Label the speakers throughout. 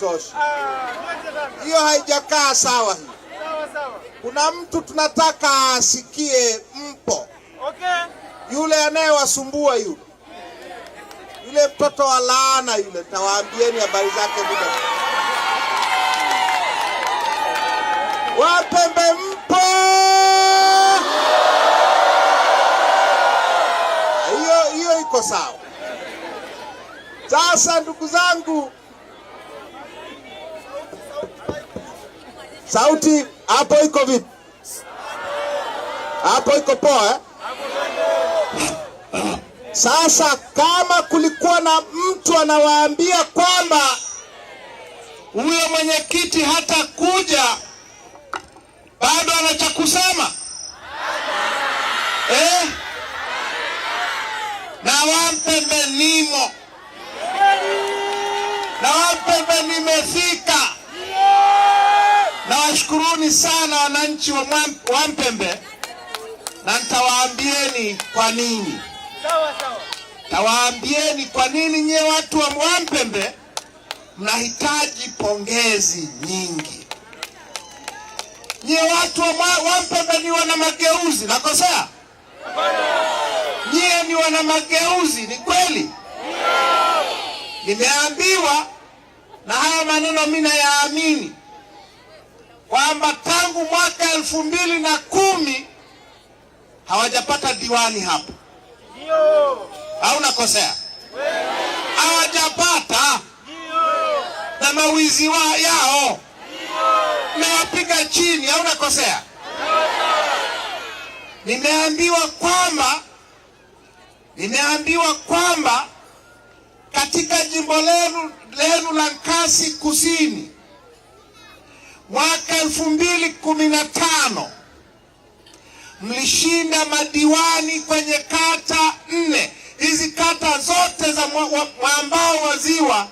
Speaker 1: haitoshi.
Speaker 2: Ah,
Speaker 1: hiyo haijakaa sawa. Hii kuna mtu tunataka asikie mpo, yule anayewasumbua yule yule mtoto wa laana yule, tawaambieni habari zake muda. Wapembe mpo? Hiyo hiyo iko sawa. Sasa ndugu zangu Sauti hapo iko vipi? Hapo iko poa eh? Sasa kama kulikuwa na mtu anawaambia kwamba huyo mwenyekiti kuja bado ana cha kusema eh? na wampe menimo na wampe menimefika Nawashukuruni sana wananchi wa Wampembe na nitawaambieni kwa nini, tawaambieni kwa nini nyie watu wa Wampembe mnahitaji pongezi nyingi. nyie watu wa Wampembe ni wana mageuzi, nakosea? Nyiye ni wana mageuzi, ni kweli. Nimeambiwa na haya maneno, mimi nayaamini kwamba tangu mwaka elfu mbili na kumi hawajapata diwani hapa, au nakosea? Hawajapata na mawizi wa yao mewapiga chini, au nakosea? Nimeambiwa kwamba nimeambiwa kwamba katika jimbo lenu lenu la Nkasi Kusini mwaka elfu mbili kumi na tano mlishinda madiwani kwenye kata nne. Hizi kata zote za mwambao wa ziwa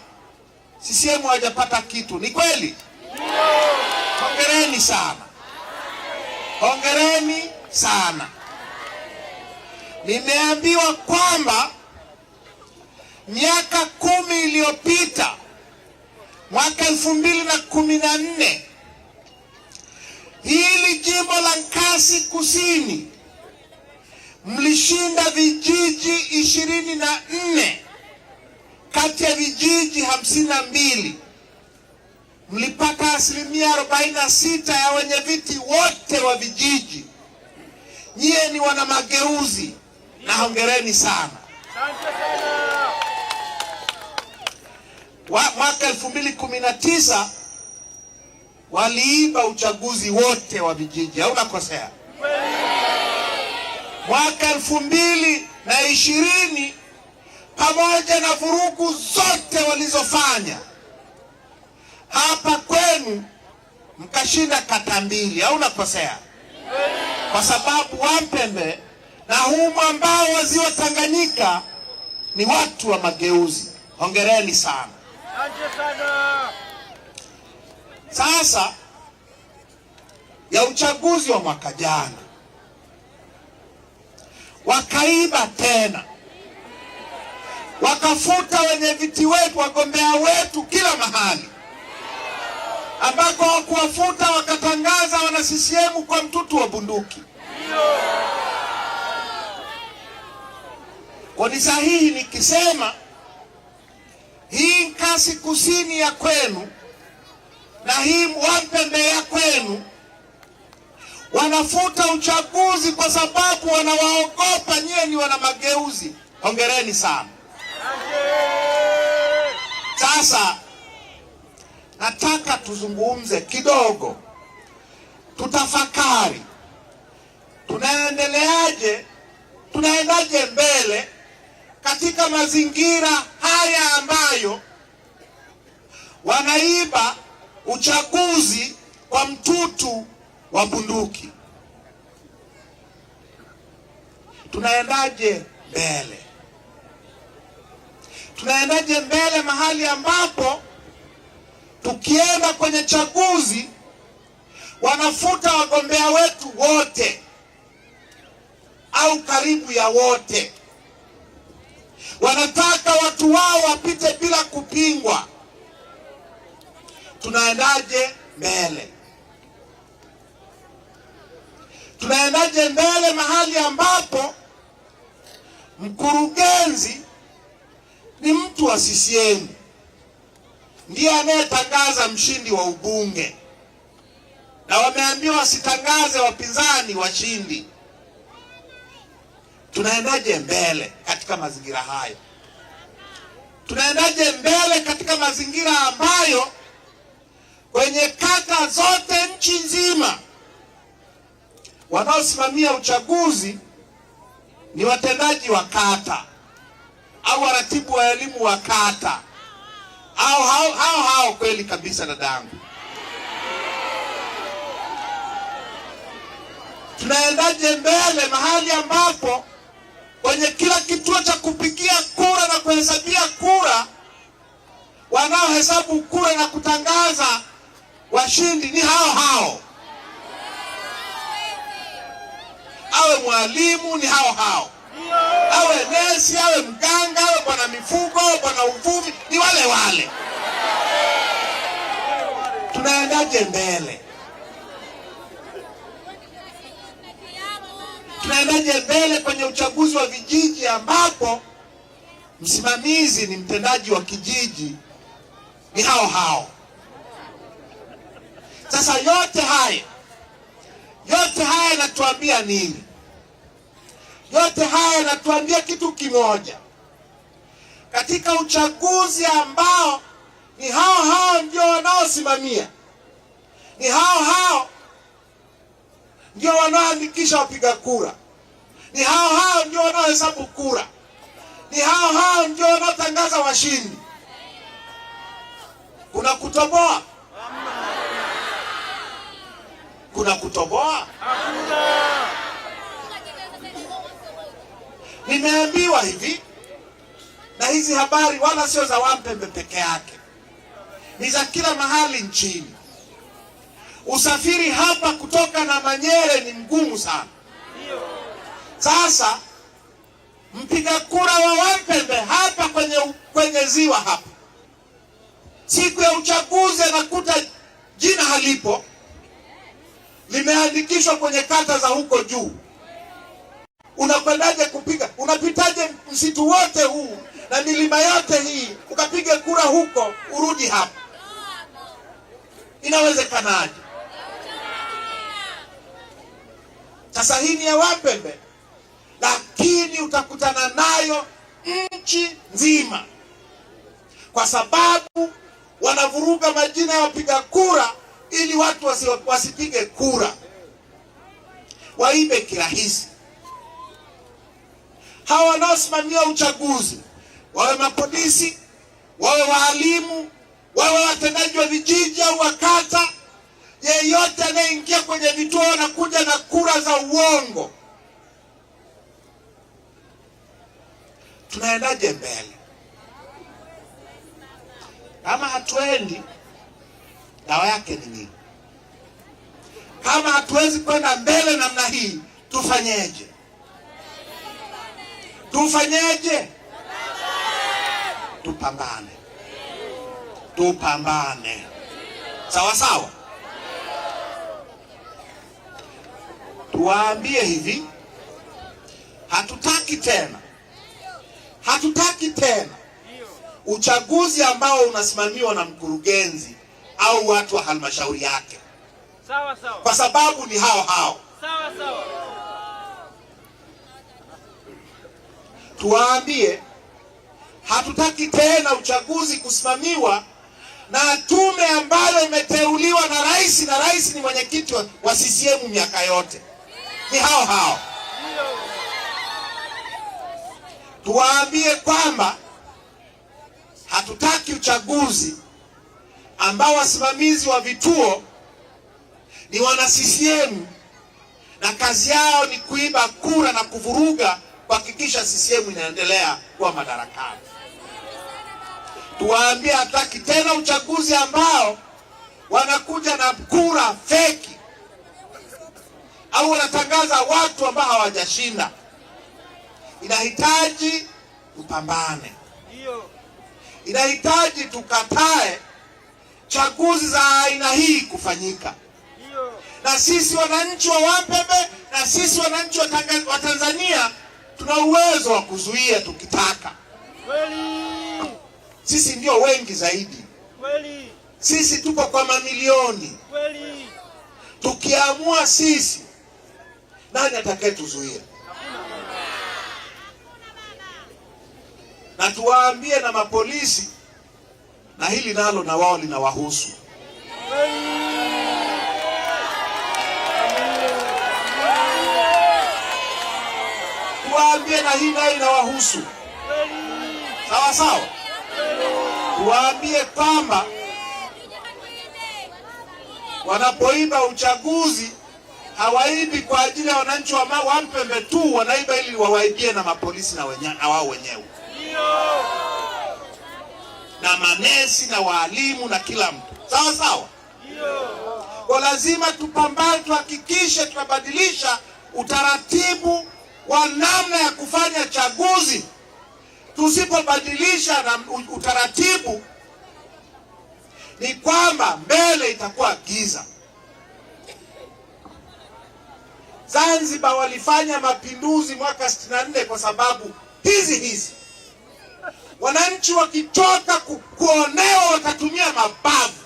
Speaker 1: CCM hawajapata kitu. Ni kweli? Hongereni sana, hongereni sana. Nimeambiwa kwamba miaka kumi iliyopita mwaka elfu mbili na kumi na nne Hili jimbo la Nkasi Kusini mlishinda vijiji ishirini na nne kati ya vijiji hamsini na mbili mlipata asilimia arobaini na sita ya wenyeviti wote wa vijiji. Nyie ni wana mageuzi na hongereni sana. Mwaka elfu mbili kumi na tisa waliiba uchaguzi wote wa vijiji au nakosea? Mwaka elfu mbili na ishirini pamoja na vurugu zote walizofanya hapa kwenu, mkashinda kata mbili au nakosea? Kwa sababu Wampembe na humu ambao waziwa Tanganyika ni watu wa mageuzi. Hongereni sana sasa ya uchaguzi wa mwaka jana, wakaiba tena, wakafuta wenye viti wetu, wagombea wetu kila mahali ambako wakuwafuta wakatangaza wana CCM kwa mtutu wa bunduki. Kwa ni sahihi nikisema hii Nkasi kusini ya kwenu na hii wape kwenu. Wanafuta uchaguzi kwa sababu wanawaogopa nyie. ni wana mageuzi. Hongereni sana. Sasa nataka tuzungumze kidogo, tutafakari tunaendeleaje, tunaendaje mbele katika mazingira haya ambayo wanaiba uchaguzi kwa mtutu wa bunduki. Tunaendaje mbele? Tunaendaje mbele mahali ambapo tukienda kwenye chaguzi wanafuta wagombea wetu wote au karibu ya wote, wanataka watu wao wapite bila kupingwa tunaendaje mbele? Tunaendaje mbele mahali ambapo mkurugenzi ni mtu wa CCM ndiye anayetangaza mshindi wa ubunge, na wameambiwa wasitangaze wapinzani washindi. Tunaendaje mbele katika mazingira hayo? Tunaendaje mbele katika mazingira ambayo kwenye kata zote nchi nzima wanaosimamia uchaguzi ni watendaji wa kata au waratibu wa elimu wa kata au hao hao hao. Kweli kabisa, dadangu, tunaendaje mbele mahali ambapo kwenye kila kituo cha kupigia kura na kuhesabia kura wanaohesabu kura na kutangaza Washindi ni hao hao, awe mwalimu ni hao hao, awe nesi, awe mganga, awe bwana mifugo, awe bwana uvumi, ni wale wale. Tunaendaje mbele? Tunaendaje mbele kwenye uchaguzi wa vijiji ambapo msimamizi ni mtendaji wa kijiji ni hao hao? Sasa yote haya yote haya yanatuambia nini? Yote haya yanatuambia kitu kimoja, katika uchaguzi ambao ni hao hao ndio wanaosimamia, ni hao hao ndio wanaoandikisha wapiga kura, ni hao hao ndio wanaohesabu kura, ni hao hao ndio wanaotangaza washindi. Kuna kutoboa kuna kutoboa? Hakuna. Nimeambiwa hivi, na hizi habari wala sio za Wampembe peke yake, ni za kila mahali nchini. Usafiri hapa kutoka na Manyere ni mgumu sana. Sasa mpiga kura wa Wampembe hapa kwenye, kwenye ziwa hapa, siku ya uchaguzi anakuta jina halipo limeandikishwa kwenye kata za huko juu. Unakwendaje kupiga? Unapitaje msitu wote huu na milima yote hii ukapige kura huko urudi hapa? Inawezekanaje? Sasa hii ni ya Wapembe, lakini utakutana nayo nchi nzima, kwa sababu wanavuruga majina ya wapiga kura ili watu wasipige kura waibe kirahisi. Hawa wanaosimamia uchaguzi wawe mapolisi, wawe waalimu, wawe watendaji wa vijiji au wakata yeyote anayeingia kwenye vituo na kuja na kura za uongo, tunaendaje mbele kama hatuendi? Dawa yake ni nini? Kama hatuwezi kwenda mbele namna hii, tufanyeje? Tufanyeje? Tupambane, tupambane. Sawa sawa, tuwaambie hivi, hatutaki tena, hatutaki tena uchaguzi ambao unasimamiwa na mkurugenzi au watu wa halmashauri yake, sawa sawa, kwa sababu ni hao hao. Sawa sawa, tuwaambie hatutaki tena uchaguzi kusimamiwa na tume ambayo imeteuliwa na rais, na rais ni mwenyekiti wa CCM miaka yote, ni hao hao. Tuwaambie kwamba hatutaki uchaguzi ambao wasimamizi wa vituo ni wana CCM na kazi yao ni kuiba kura na kuvuruga kuhakikisha CCM inaendelea kuwa madarakani. Tuwaambie, hataki tena uchaguzi ambao wanakuja na kura feki au wanatangaza watu ambao hawajashinda. Inahitaji tupambane, inahitaji tukatae chaguzi za aina hii kufanyika, na sisi wananchi wa Wapembe na sisi wananchi wa Tanzania tuna uwezo wa kuzuia tukitaka. Sisi ndio wengi zaidi, sisi tuko kwa mamilioni. Tukiamua sisi, nani atakayetuzuia? Na tuwaambie na mapolisi na hili nalo na wao linawahusu. Kuwaambie na hii nayo inawahusu, sawa sawa. Kuwaambie kwamba wanapoiba uchaguzi hawaibi kwa ajili ya wananchi wa Wampembe tu, wanaiba ili wawaibie na mapolisi na wao wenyewe na manesi na waalimu na kila mtu sawa sawa. Kwa lazima tupambane, tuhakikishe tunabadilisha utaratibu wa namna ya kufanya chaguzi. Tusipobadilisha na utaratibu, ni kwamba mbele itakuwa giza. Zanzibar walifanya mapinduzi mwaka 64 kwa sababu hizi hizi wananchi wakitoka ku, kuonewa watatumia mabavu,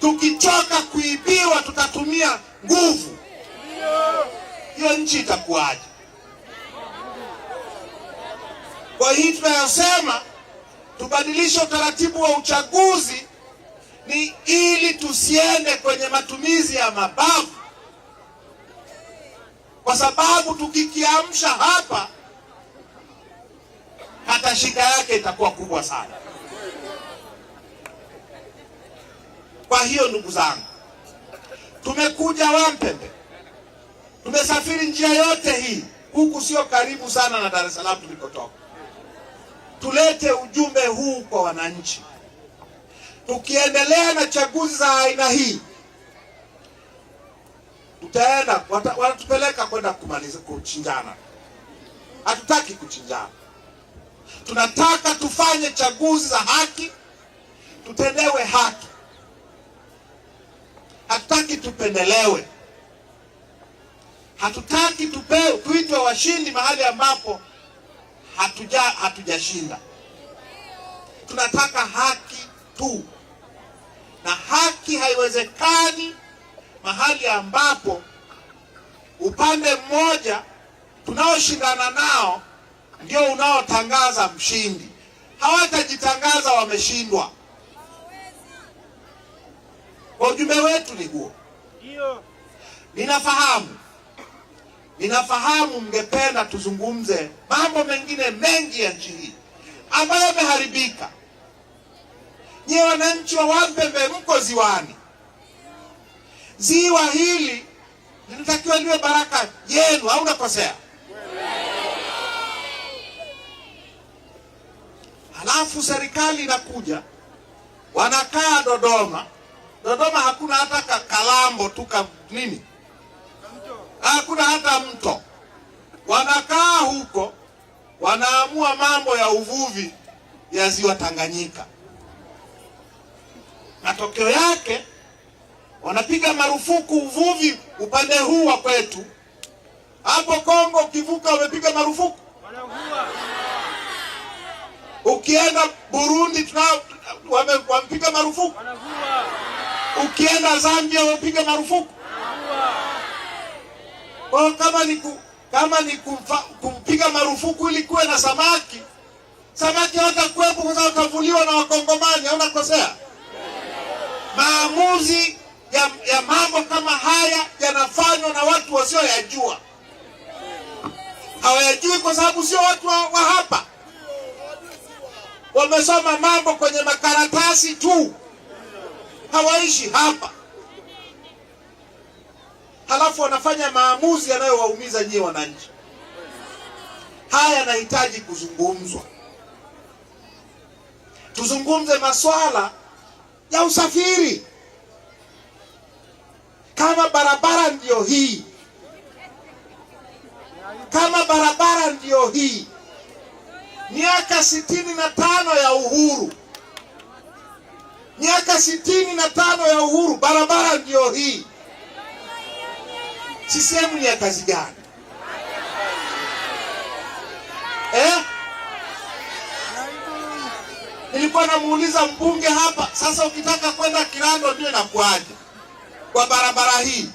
Speaker 1: tukichoka kuibiwa tutatumia nguvu. Hiyo nchi itakuwaje? Kwa hii tunayosema tubadilishe utaratibu wa uchaguzi ni ili tusiende kwenye matumizi ya mabavu, kwa sababu tukikiamsha hapa hata shida yake itakuwa kubwa sana. Kwa hiyo ndugu zangu, tumekuja Wampembe, tumesafiri njia yote hii, huku sio karibu sana na Dar es Salaam tulikotoka. Tulete ujumbe huu kwa wananchi. Tukiendelea na chaguzi za aina hii, tutaenda wanatupeleka kwenda kumaliza kuchinjana. Hatutaki kuchinjana. Tunataka tufanye chaguzi za haki, tutendewe haki, hatutaki tupendelewe, hatutaki tupewe tuitwe washindi mahali ambapo hatuja hatujashinda. Tunataka haki tu, na haki haiwezekani mahali ambapo upande mmoja tunaoshindana nao ndio unaotangaza mshindi. Hawatajitangaza wameshindwa. Kwa ujumbe wetu ni huo. Ninafahamu, ninafahamu mngependa tuzungumze mambo mengine mengi ya nchi hii ambayo yameharibika. Nyie wananchi wa Wampembe mko ziwani. Ziwa hili linatakiwa liwe baraka yenu, au nakosea? Alafu serikali inakuja, wanakaa Dodoma. Dodoma hakuna hata kakalambo tu ka nini, hakuna hata mto. Wanakaa huko, wanaamua mambo ya uvuvi ya ziwa Tanganyika. Matokeo yake wanapiga marufuku uvuvi upande huu wa kwetu. Hapo Kongo ukivuka, wamepiga marufuku Ukienda Burundi tunao wamepiga marufuku, ukienda Zambia wapiga marufuku. Kwa kama ni ku, kama ni kumpiga marufuku ili kuwe na samaki, samaki hawatakuwepo kwa sababu watavuliwa na Wakongomani. Haunakosea. Maamuzi ya, ya mambo kama haya yanafanywa na watu wasioyajua, hawayajui kwa sababu sio watu wa, wa hapa wamesoma mambo kwenye makaratasi tu, hawaishi hapa, halafu wanafanya maamuzi yanayowaumiza nyie wananchi. Haya yanahitaji kuzungumzwa, tuzungumze maswala ya usafiri. Kama barabara ndio hii, kama barabara ndiyo hii miaka sitini na tano ya uhuru, miaka sitini na tano ya uhuru, barabara ndio hii. Sisehemu ni ya kazi gani eh? Nilikuwa namuuliza mbunge hapa sasa, ukitaka kwenda Kilando ndio inakuaje kwa barabara hii?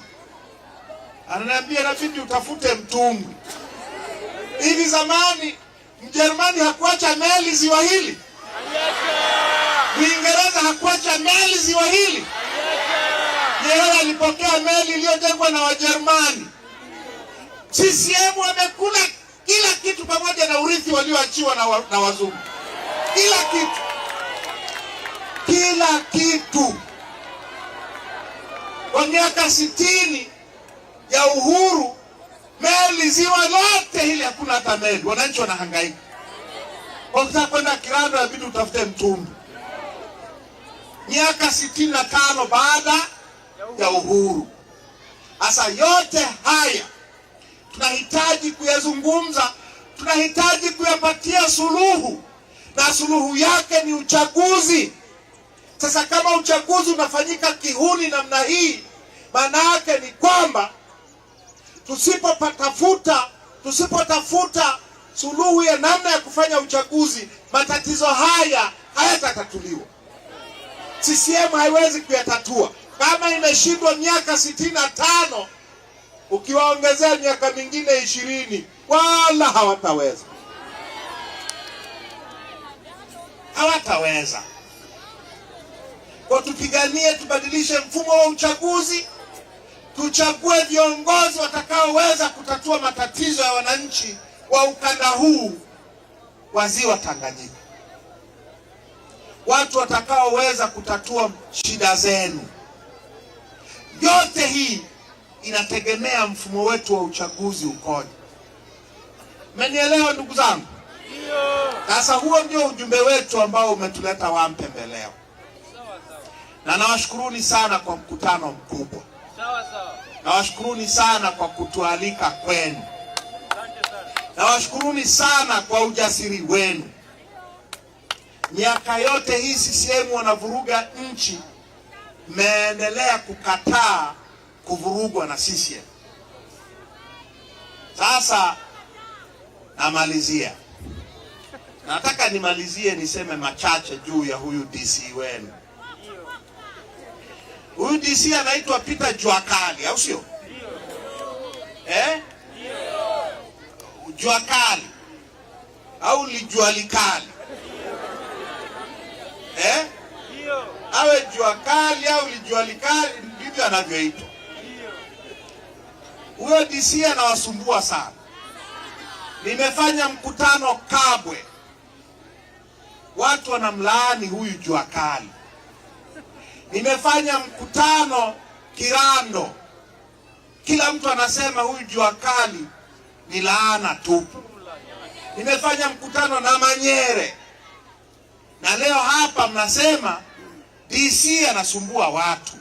Speaker 1: Ananiambia nabidi utafute mtumbwi. Hivi zamani Ujerumani hakuacha meli ziwa hili, Uingereza hakuacha meli ziwa hili. Nyerere alipokea meli iliyojengwa na Wajerumani. CCM wamekula kila kitu pamoja na urithi walioachiwa na, wa, na wazungu. Kila kitu, kila kitu. Kwa miaka sitini ya uhuru meli ziwa lote hili hakuna hata meli. Wananchi wanahangaika. Kwa kutaka kwenda Kirando inabidi utafute Mtumbi. Miaka sitini na tano baada ya uhuru. Sasa yote haya tunahitaji kuyazungumza, tunahitaji kuyapatia suluhu, na suluhu yake ni uchaguzi. Sasa kama uchaguzi unafanyika kihuni namna hii, maana yake ni kwamba tusipotafuta tusipotafuta suluhu ya namna ya kufanya uchaguzi, matatizo haya hayatatatuliwa. CCM haiwezi kuyatatua kama imeshindwa miaka sitini na tano, ukiwaongezea miaka mingine ishirini, wala hawataweza, hawataweza. Kwa tupiganie, tubadilishe mfumo wa uchaguzi, tuchague viongozi watakaoweza kutatua matatizo ya wananchi wa ukanda huu wa ziwa Tanganyika, watu watakaoweza kutatua shida zenu. Yote hii inategemea mfumo wetu wa uchaguzi ukoje. Mmenielewa ndugu zangu? Sasa huo ndio ujumbe wetu ambao umetuleta Wampembe leo, na nawashukuruni sana kwa mkutano mkubwa. Nawashukuruni sana kwa kutualika kwenu. Nawashukuruni sana kwa ujasiri wenu. Miaka yote hii CCM wanavuruga nchi, mmeendelea kukataa kuvurugwa na CCM. Sasa namalizia, nataka nimalizie niseme machache juu ya huyu DC wenu. Huyu DC anaitwa Peter Jwakali, au sio? Eh? jua kali au lijua likali eh? awe jua kali au lijua likali ndivyo anavyoitwa huyo. DC anawasumbua sana. Nimefanya mkutano Kabwe, watu wanamlaani huyu jua kali. Nimefanya mkutano Kirando, kila mtu anasema huyu jua kali ni laana tupu. Nimefanya mkutano na Manyere na leo hapa mnasema DC anasumbua watu.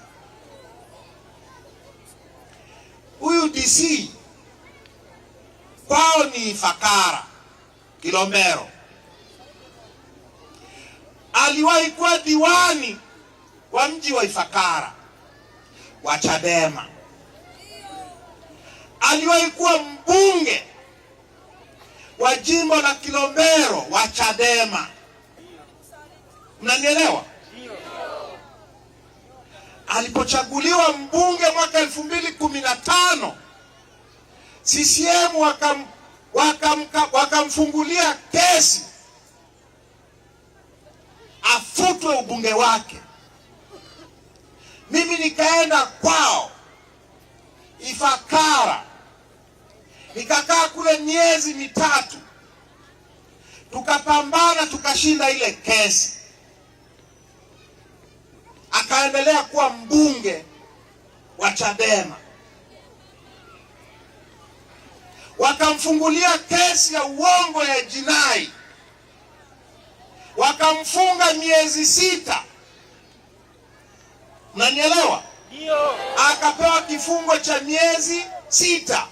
Speaker 1: Huyu DC kwao ni Fakara Kilombero, aliwahi kuwa diwani wa mji wa Ifakara wa Chadema aliwahi kuwa mbunge wa jimbo la Kilombero wa Chadema. Mnanielewa? Alipochaguliwa mbunge mwaka elfu mbili kumi na tano CCM wakam, wakam, wakamfungulia kesi afutwe ubunge wake. Mimi nikaenda kwao Ifakara Nikakaa kule miezi mitatu, tukapambana, tukashinda ile kesi. Akaendelea kuwa mbunge wa Chadema, wakamfungulia kesi ya uongo ya jinai, wakamfunga miezi sita. Mnanielewa? Ndio. Akapewa kifungo cha miezi sita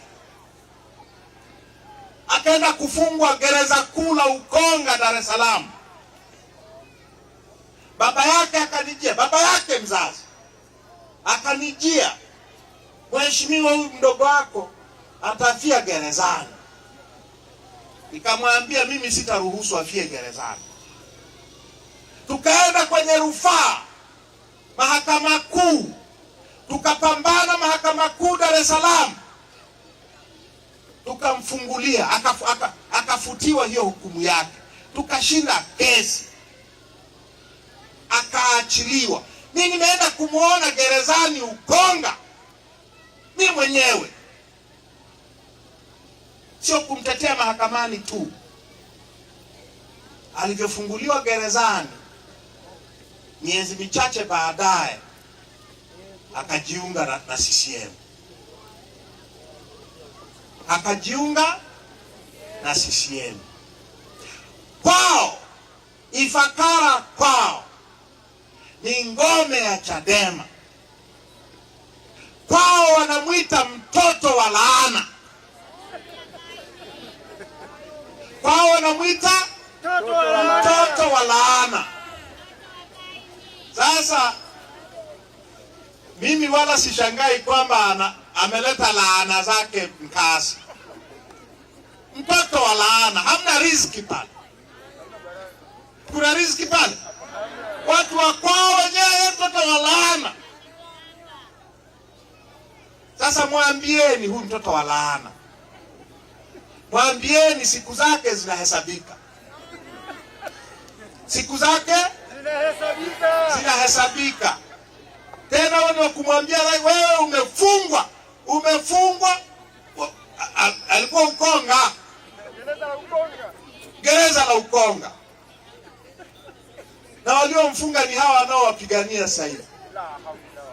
Speaker 1: akaenda kufungwa gereza kuu la Ukonga, Dar es Salaam. Baba yake akanijia, baba yake mzazi akanijia, mheshimiwa, huyu mdogo wako atafia gerezani. Nikamwambia mimi sitaruhusu afie gerezani. Tukaenda kwenye rufaa mahakama kuu, tukapambana mahakama kuu Dar es Salaam tukamfungulia akafutiwa aka, hiyo hukumu yake, tukashinda kesi akaachiliwa. Mi nimeenda kumwona gerezani Ukonga mi mwenyewe, sio kumtetea mahakamani tu. Alivyofunguliwa gerezani, miezi michache baadaye akajiunga na CCM akajiunga na CCM kwao. Ifakara kwao ni ngome ya Chadema, kwao wanamwita mtoto wa laana, kwao wanamwita mtoto wa laana. Sasa mimi wala sishangai kwamba ana ameleta laana zake mkasi, mtoto wa laana. Hamna riziki pale, kuna riziki pale? Watu wa kwao wenyewe, mtoto wa laana. Sasa mwambieni huyu mtoto wa laana, mwambieni siku zake zinahesabika, siku zake zinahesabika. Tena wewe kumwambia wewe umefungwa umefungwa, alikuwa Ukonga, gereza la Ukonga, na waliomfunga ni hawa wanaowapigania sasa hivi.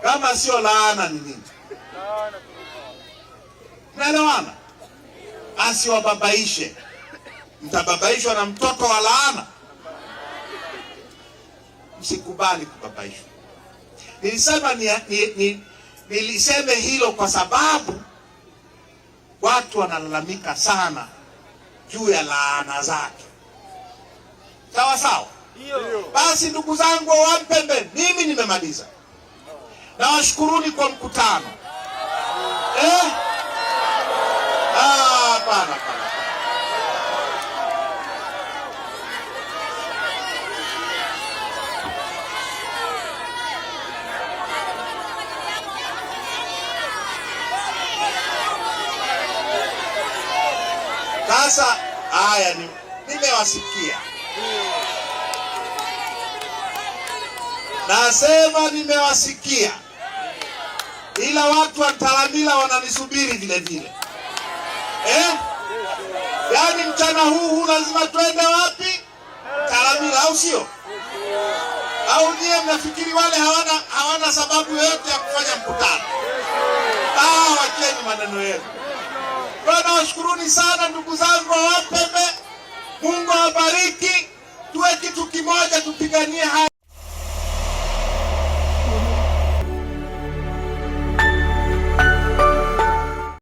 Speaker 1: Kama sio laana ni nini? Naelewana, asiwababaishe. Mtababaishwa na mtoto wa laana. Msikubali kubabaishwa. Nilisema ni, ni, ni Niliseme hilo kwa sababu watu wanalalamika sana juu ya laana zake. Sawa sawa. Basi ndugu zangu wa Wampembe, mimi nimemaliza. Nawashukuruni kwa mkutano eh? Ah, bana. Sasa haya ni nimewasikia, nasema nimewasikia, ila watu wa Taramila wananisubiri vile vile eh? Yaani mchana huu huu lazima twende wapi? taramila au sio? Au nyie mnafikiri wale hawana hawana sababu yoyote ya kufanya mkutano? Ah, wacheni maneno yenu. Kwa nawashukuruni sana ndugu zangu wa Wapembe, Mungu awabariki, tuwe kitu kimoja, tupiganie haya.